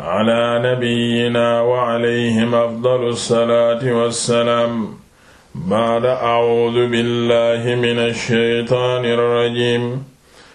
ala nabiyyina wa alayhim afdalu salaati wa salaam ba'da a'uudu billahi mina shaytaani rajiim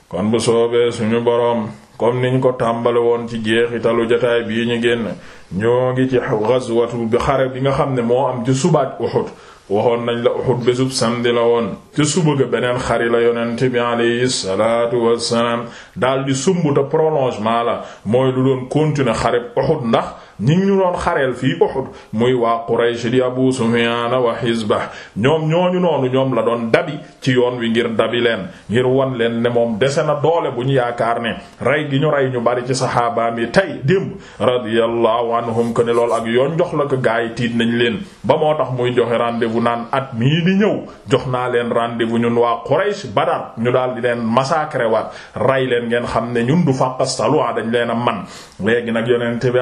kon bu soobee suñu boroom comme niñ ko tàmbale woon ci jeexitalu jotaay bii ñu génn ñoo ngi ci ghazwatu bi xare bi nga xam ne moo am ci subaat Uhud waxoon nañ la Uhud bésub samedi la woon te suba ga beneen xari la yonent bi alayhi salaatu wassalaam daal di sumb te prolongement la mooy lu doon continuer xareb Uhud ndax ñi ñu doon xareel fii Uhud muy waa Quraysh di Abu Sufyaan wa xisba ñoom ñooñu noonu ñoom la doon dabi ci yoon wi ngir dabi leen ngir won leen ne moom dese na doole bu ñu yaakaar ne rey gi ñu rey ñu bari ci saxaabaam yi tey démb radiyallahu anhum ko ne lool ak yoon jox la ko gaa yi tiit nañ leen ba moo tax muy joxe rendez-vous naan at mii di ñëw jox naa leen rendez-vous ñun waa Quraysh Badar ñu daal di leen massacrer waat rey leen ngeen xam ne ñun du fàqas saluwa dañ leen a man léegi nag yonent bi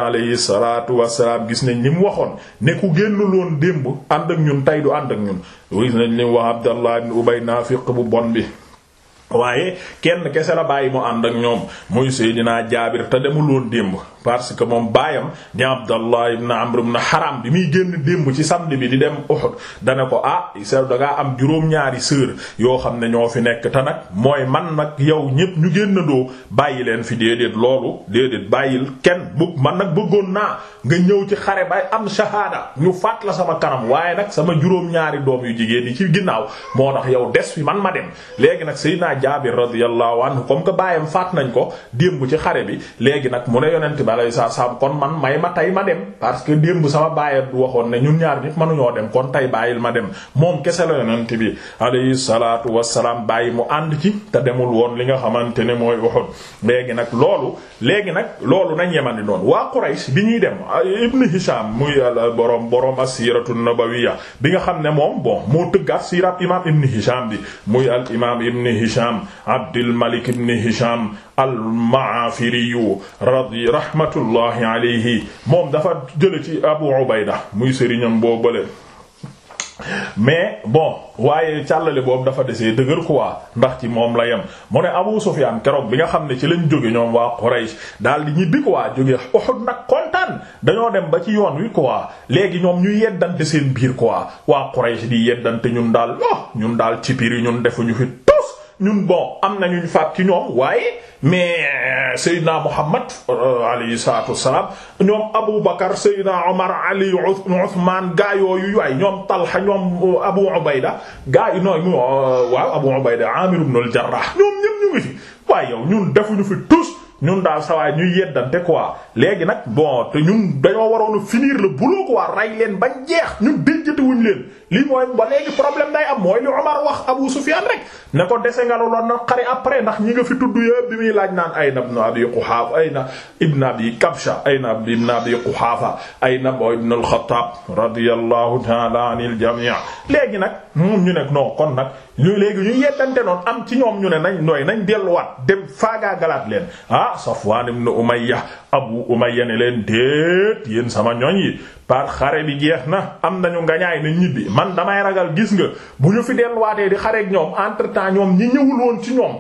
salaatu wassalaam gis nañ ñi mu waxoon ne ku génnul woon démb ànd ak ñun tey du ànd ak ñun gis nañ li mu wax Abdallah ibn Ubay naafiq bu bon bi waaye kenn kese la bàyyi mu ànd ak ñoom mooy muy dinaa Jaabir te demul woon démb parce que moom baayam di Abdallah ibn Amr ibn Haram bi muy génn démb ci samedi bi di dem Uhud dana ko ah sew dangaa am juróom-ñaari sœur yoo xam ne ñoo fi nekk te nag mooy man nag yow ñépp ñu génnandoo bàyyi leen fi déedéet loolu déedéet bàyyil kenn bu man nag bëggoon naa nga ñëw ci xare bay am shahada ñu faat la sama kanam waaye nag sama juróom-ñaari doom yu jigéen yi ci ginnaaw moo yow man ma dem Jaabir radiyallahu anhu comme que baayam faat nañ ko démb ci xare bi léegi nag mu ne yonent bi alayhi salaam kon man may ma tey ma dem parce que démb sama baay waxoon ne ñun ñaar ñëpp mënuñoo dem kon tey bàyyil ma dem moom kese la yonent bi alayhi salaatu wassalaam bàyyi mu ànd ci te demul woon li nga xamante ne mooy Uhud léegi nag loolu léegi nag loolu nañ yemandi doon waa Quraysh bi ñuy dem Ibn Hisham muy borom borom as a nabawiyya bi nga xam ne moo tëggaat siirat imaam Hisham Abdul Malik ibn Hisham al-Maafiriyu radi rahmatullahi alayhi moom dafa jële ci Abu Ubayda muy sëriñam boobale mais bon waaye càllale boobu dafa desee dëgër quoi ndax ci moom la yem mu ne Abu Sufyaan keroog bi nga xam ne ci lañ jóge ñoom waa Quraysh daal di ñibbi quoi jóge Uhud nag kontaan dañoo dem ba ci yoon wi quoi léegi ñoom ñu yeddante seen biir quoi waa Quraysh di yeddante ñun daal ah ñun daal ci biir yi ñun defuñu fi. ñun bo am na ñu faat ci ñoom waaye mais euh, Seydina Muhammad euh, alayhi salaatu wassalaam ñoom Abu Bakar Seydina Omar Ali Uthman gaa yooyu waay ñoom Talha ñoom euh, Abu Ubayda gaa yi noonu waaw Abu Ubayda Amir ibn al-Jarrah ñoom ñu fi waaye ñun defuñu fi tous. ñun daal sawaay ñuy yeddante quoi léegi nag bon te ñun dañoo waroon a finir le boulot quoi rey leen ba jeex ñun déjjatewuñ leen lii mooy ba léegi problème day am mooy li Omar wax Abu Sufyan rek ne ko dese nga loon na xare après ndax ñi nga fi tudd yëpp bi muy laaj naan ayna ibn Abi Quhafa ayna ibn Abi Kabsha ayna ibn Abi Quhafa ayna ibn al-Khattab radiyallahu ta'ala anil jami' léegi nag ñu ne non kon nag ñu léegi ñu yeddante noonu am ci ñoom ñu ne nañ nooy nañ delluwaat dem faagaagalaat leen ah Safwan ibn Umayyah Abu Umayya ne leen déet yéen sama ñoñ yi par xare bi jeex na am nañu ngañaay na ñibbi man damay ragal gis nga bu ñu fi delluwaatee di xareek ñoom entre temps ñoom ñi ñëwul woon ci ñoom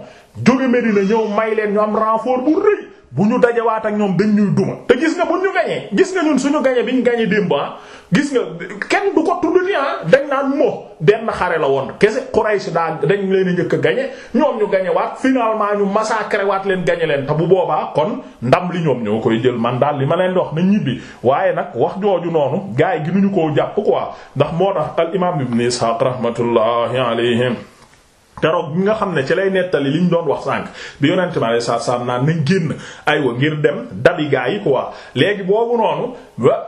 jóge Medina ñëw may leen ñu am renfort bu rëy bu ñu dajawaat ak ñoom dañ ñuy duma te gis nga bu ñu gañee gis nga ñun suñu gañee bi ñu gañee démb ah, gis nga kenn du ko tudd ni ah dañ naan moo benn xare la woon kese Quraysh daa dañ leen a njëkk a gañe ñoom ñu gañe waat finalement ñu massacré waat leen gañe leen te bu boobaa kon ndam li ñoom ñoo koy jël man daal li ma leen di wax na ñibbi waaye nag wax jooju noonu gaay gi nuñu ko jàpp quoi ndax moo tax al imaam ibn Ishaq rahmatullahi alayhim keroog bi nga xam ne ci lay nettali li ñu doon wax sànq bi yonente mi alayhi salaatu salaam naan nañ génn aywa ngir dem dabi gaa yi quoi léegi boobu noonu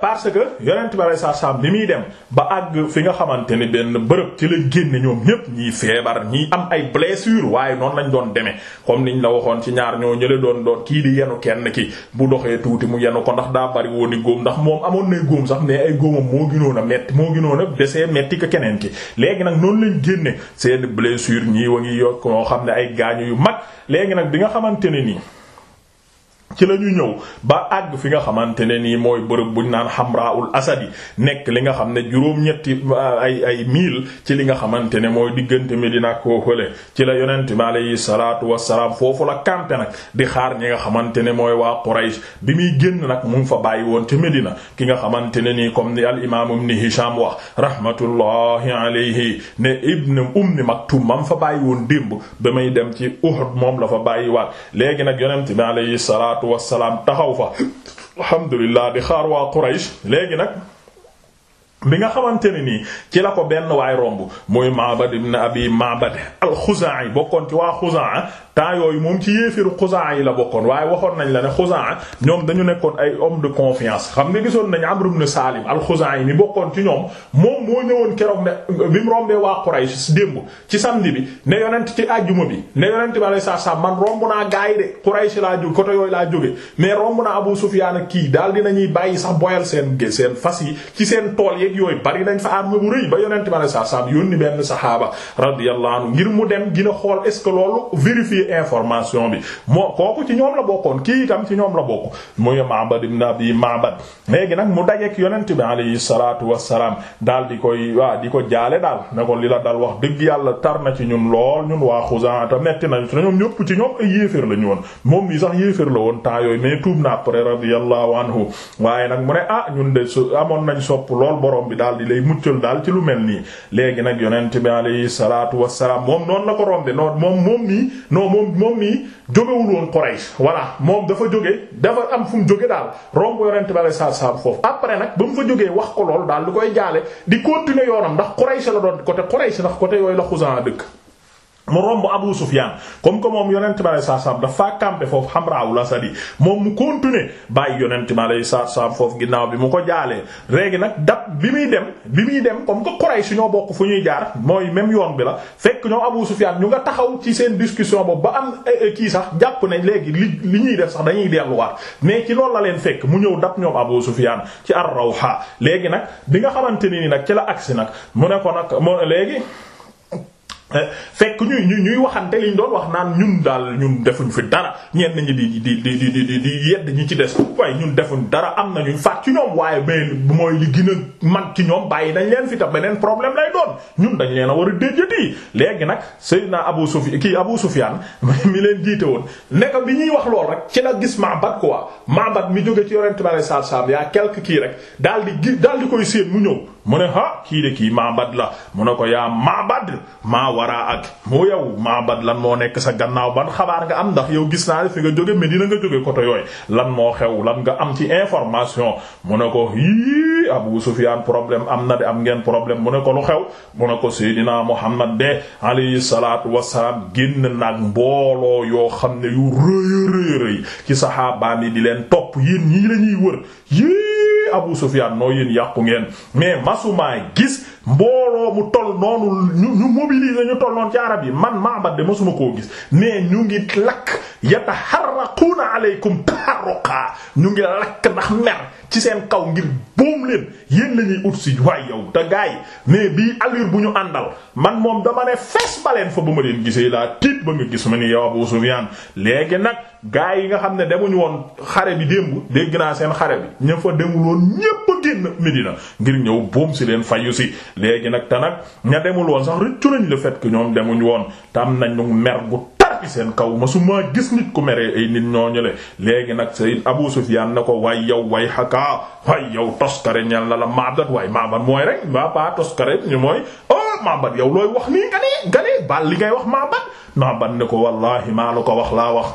parce que yonente mi alayhi salaatu salaam bi muy dem ba àgg fi nga xamante ni benn bërëb ci la génne ñoom ñépp ñii feebar ñii am ay blessure waaye noonu lañ doon demee comme niñ la waxoon ci ñaar ñoo ñële doon doon kii di yenu kenn ki bu doxee tuuti mu yenu ko ndax daa bari woon i góom ndax moom amoon nay góom sax mais ay góomam moo ginoon a metti moo ginoon a desee metti ko keneen ki léegi nag noonu lañ génne seen blessure ñi diwa ngi yokk moo xam ne ay gaañu yu mag léegi nag bi nga xamante ne nii ci la ñu ñëw ba àgg fi nga xamante ne nii mooy bërëb buñ naan xamraul asadi nekk li nga xam ne juróom-ñetti euh, ay ay mil ci li nga xamante ne mooy diggante Medina ak kookale ci la yonent bi alayhi salaatu wassalaam foofu la campé nag di xaar ñi nga xamante ne mooy waa Quraysh bi muy génn nag mu ngi fa bàyyi woon ci Medina ki nga xamante ne nii comme ni al imaam ibn Hisham wax rahmatullahi alayhi ne ibn ummi Maktum mam fa bàyyi woon démb ba may dem ci Uhud moom la fa bàyyi léegi nag yonent salaatu wassalaam taxaw fa alhamdulillah di xaar waa Quraysh léegi nag bi nga xamante ne nii ci la ko benn waay romb muy Ma'bad ibn Abi Ma'bad al-Khuzaa'i bokkoon ci waa Khuzaa temps yooyu moom ci yéefiru Khuzaa yi la bokkoon waaye waxoon nañ la ne Khuzaa ñoom dañu nekkoon ay homme de confiance xam nga gisoon nañ Amr ibn Salim al-Khuzaa'i mi bokkoon ci ñoom moom moo ñëwoon keroog ne bi mu rombee waa Quraysh démb ci samedi bi ne yonent ci àjjuma bi ne yonent bi alayhi salaam man romb naa gaa yi de Quraysh laa jóg côté yooyu laa jóge mais romb naa Abu Sufyaan ak kii daal dinañuy bàyyi sax boyal seen seen fas yi ci seen tool yi yooyu bari lañ fa arme bu rëy ba yonent ma ne saa saa yónni benn saxaaba radiyallahu anhu ngir mu dem gina xool est ce que loolu vérifier information bi moo kooku ci ñoom la bokkoon kii itam ci ñoom la bokk muy Ma'bad ibn Abi Ma'bad léegi nag mu dajeek yonent bi alayhi salaatu wassalaam daal di koy waa di ko jaale daal ne li la dal wax dëgg yàlla tar na ci ñun lool ñun waa Xuzaa ta metti nañu ci ñoom ñëpp ci ñoom ay yéeféer la woon borom bi daal di lay muccal daal ci lu mel nii léegi nag yonent bi alayhi salaatu wassalaam moom noonu la ko rombe noon moom moom nii non moom moom nii jógewul woon Quraysh voilà moom dafa jóge dafa am fu mu jóge daal romb yonent bi alayhi salaatu wassalaam foofu après nag ba mu fa jógee wax ko lool daal di koy jaale di continuer yoonam ndax Quraysh la doon côté Quraysh ndax côté yooyu la Xuzaa dëkk mu romb Abu Sufyan comme que moom yonent bi alayhi salaam dafa campé foofu Hamra al-Asadi moom mu continuer bàyyi yonent bi alayhi salaam foofu ginnaaw bi mu ko jaalee léegi nag dab bi muy dem bi muy dem comme que Quraysh bokk fu ñuy jaar mooy même yoon bi la fekk ñoom Abu Sufyan ñu nga taxaw ci seen discussion boobu ba am eh, eh, kii sax jàpp ne léegi li li ñuy def sax dañuy delluwaat mais ci loolu la leen fekk mu ñëw dab ñoom Abu Sufyan ci ar xaa léegi nag bi nga xamante ne ni nag ci la agsi nag mu ne ko nag léegi. Eh, fekk ñuy ñuy waxante ñu doon wax naan ñun daal ñun defuñ fi dara ñenn ñi di di di di di yedd ñi ci des waaye ñun defuñ dara am na ñuy faat ci ñoom waaye benn mooy li gën a ci ñoom bàyyi nañ leen fi ta beneen problème lay doon ñun dañ leen a war a déjati léegi nag naa Abu Sufyan kii Abu Sufyan mi leen jiite woon ne bi ñuy wax lool rek ci la gis Ma'bad quoi Ma'bad mi jóge ci Yonent bi sallallahu alayhi wasallam yaa quelque kii rek daal di gi daal di koy séen mu ñëw mu ne ah kii de kii Ma'bad la mu ne ko yaa Ma'bad waraak mu yow maabad lan moo nekk sa gannaaw ban xabaar nga am ndax yow gis naa fi nga jóge Medina nga jóge côté yooyu lan moo xew lan nga am ci information mu ne ko hi Abu Sufyan problème am na de am ngeen problème mu ne ko lu xew mu ne ko Seydina Muhammad de alayhi salaatu wassalaam génn nag mbooloo yoo xam ne yu rëy rëy rëy ci saxaabaan yi di leen topp topp yéen ñii la ñuy wër yii Abu Sufyan noo yéen yàqu ngeen mais masumaa gis mbooloo mu toll noonu ñu ñu mobiliser ñu tolloon ci arab yi man Ma'bad de masuma koo gis mais ñu ngi lakk yataharraquuna aleykum taharruqa ñu ngi lakk ndax mer ci seen kaw ngir boom leen yéen la ñuy ut si yow te gars yi mais bii allure bu ñu àndal man moom dama ne fees ba leen fa ba ma leen gisee laa tiit ba nga gis ma ni yow Abu Sufyaan léegi nag gars yi nga xam ne demuñu woon xare bi démb dégg naa seen xare bi ña fa demul woon ñépp génn Medina ngir ñëw boom si leen fayu si léegi nag te ña demuloon woon sax rëccu nañ le fait que ñoom demuñu woon tam nañu mer gu ci seen kaw su masuma gis nit ku mere ay nit ñooñu le léegi nag say Abu Sufyaan na ko waay yow way xakaa waay yow toskare ñel na la maabat waay maabat mooy rek waa ba mooy oh maabat yow looy wax nii nga ne li ngay wax maabat maabat ne ko wallahi maa la ko wax laa wax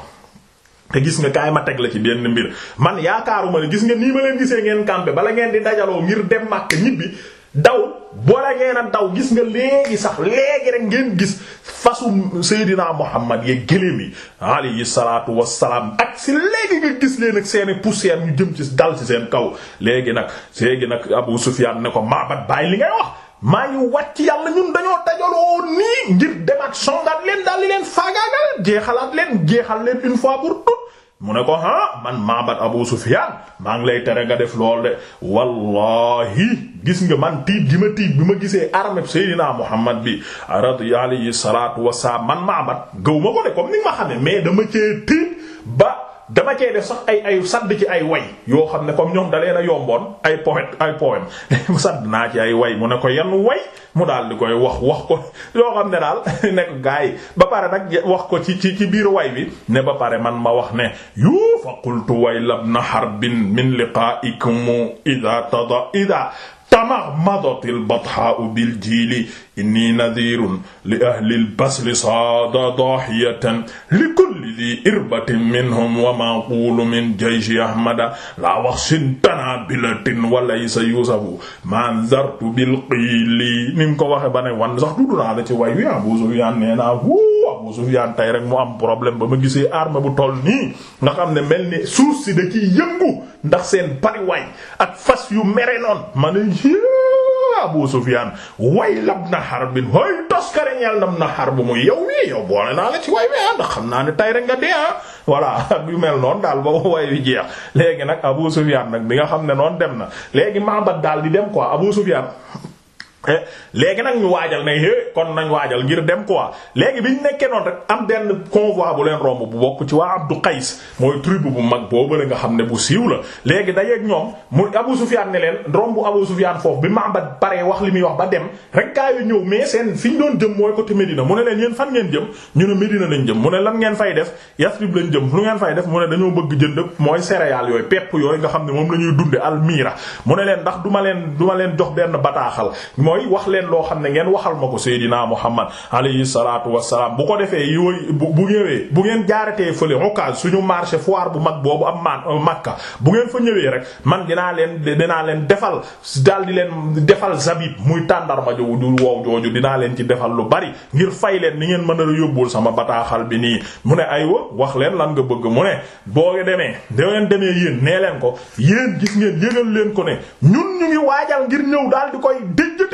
te gis nga kaay ma teg la ci benn mbir man yaakaaruma ne gis nga nii ma leen gisee ngeen campé bala ngeen di dajaloo ngir dem Makka ñibbi daw boole ngeen a daw gis nga léegi sax léegi rek ngeen gis fasu Seydina Muhammad ya gëléem yi alayhi salaatu wassalaam ak si léegi nga gis leen ak seeni poussière ñu jëm ci dal si seen kaw léegi nag léegi nag Abu Sufyaan ne ko maabat bàyyi li ngay wax maa ngi wàcc yàlla ñun dañoo dajaloo nii ngir dem ak songaat leen daal di leen faagaagal jeexalaat leen jeexal leen une fois pour toutes mu ne ko ha man maabat Abu Sufyan maa ngi lay tere nga def lool de wallahi gis nga man tiit gi ma tiit bi ma gisee armée Seydina Muhammad bi radi alayhi salatu wasalaam man maabat gaw ma ko de comme ni nga ma xamee mais dama cee tiit ba dama cee def sax ay ay sadd ci ay way yoo xam ne comme ñoom da leen a yomboon ay poète ay poème mu sadd naa ci ay way mu ne ko yan way mu daal di koy wax wax ko yoo xam ne daal ne ko gaa yi ba pare nag wax ko ci ci ci biir way bi ne ba pare man ma wax ne yu fa qultu way lab na harbin min liqa'ikum idha tada idha tama madatil bathaa'u bil jiili inni nadhirun li ahlil basri saada daahiyatan li kulli dhi irbatin minhum wa ma aqulu min jayshi ahmada la waxshin tanabilatin wa laysa yusafu ma anzartu bil qiili ni mu ko waxe ba ne wan sax dudu naa da ci way wi abu sufyaan nee naa Abu Sufyaan tey rek mu am problème ba ma gisee arme bu toll nii nga xam ne mel ni suuf si da ciy yëngu ndax seen bariwaay ak fas yu mere noon ma ne Abu Sufyaan way lab na harbin way toskare ñeel nam na harb mu yow wi yow boole naa la ci way wi ndax xam naa ne tey rek nga dee ah. voilà yu mel noon daal ba way wi jeex léegi nag Abu Sufyaan nag bi nga xam ne noonu dem na léegi Ma'bad daal di dem quoi Abu Sufyaan Eh, léegi nag ñu waajal ne é eh, kon nañ waajal ngir dem quoi léegi biñ nekkee noonu rek am benn convoi bu leen romb bu bokk ci waa Abdu Qays mooy tribu bu mag boobu la nga xam ne bu siiw la léegi dajeeg ñoom mu Abu Sufyaan ne leen romb Abu Sufyaan foofu bi ma am Ma'bad paree wax li muy wax ba dem rek gaa yu ñëw mais seen fi ñu doon jëm mooy côté Médina mu ne leen yéen fan ngeen jëm ñu ne Médina lañ jëm mu ne lan ngeen fay def Yasrib lañ jëm lu ngeen fay def mu ne dañoo bëgg jënd mooy céréales yooyu pepp yooyu nga xam ne moom la ñuy dunde almira mu ne leen ndax duma duma leen jox benn bataaxal mooy wax leen loo xam ne ngeen waxal ma ko Seydina Muhammad alayhi salaatu wassalaam bu ko defee yooyu bu ñëwee bu ngeen jaaratee fële Ukaz suñu marché foire bu mag boobu am euh, Makka bu ngeen fa ñëwee rek man dinaa leen dinaa leen defal daal di leen defal zabib muy tàndarma jooju du wow jooju dinaa leen ci defal lu bari ngir fay leen ni ngeen mën a yóbbul sama bataaxal bi nii mu ne aywa wax leen lan nga bëgg mu ne boo demee da ngeen demee yéen nee leen ko yéen gis ngeen yëgal leen ko ne ñun ñu ngi waajal ngir ñëw daal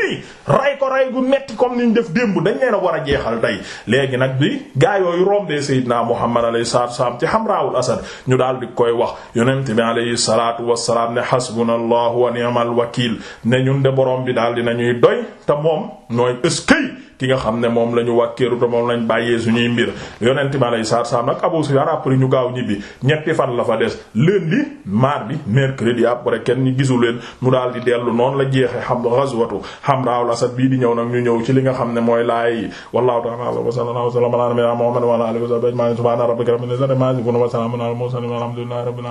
lii ray ko ray gu metti comme ni ñu def démb dañ leen a war a jeexal tey léegi nag bi gaa yooyu rombee Seydina Muhammad alayhi salaatu wassalaam ci Hamraawul Asad ñu daal di koy wax yonent bi alayhi salaatu wassalaam ne hasbunallahu wa ni'mal wakiil ne ñun de borom bi daal di ñuy doy te moom nooy ëskay ki nga xam ne moom la ñu wàkkeeru te moom lañ bàyyee suñuy mbir yonente bi alayhi salaatu salaam nag Abu Sufyaan après ñu gaaw ñibbi ñetti fan la fa des lundi mardi mercredi après kenn ñu leen mu daal di dellu noonu la jeexe xam ghazwatu Hamraul Asad bii di ñëw nag ñu ñëw ci li nga xam ne mooy laay wallahu ta'ala wa sallallahu alayhi wa sallam ala nabiyyina Muhammad wa ala alihi wa sahbihi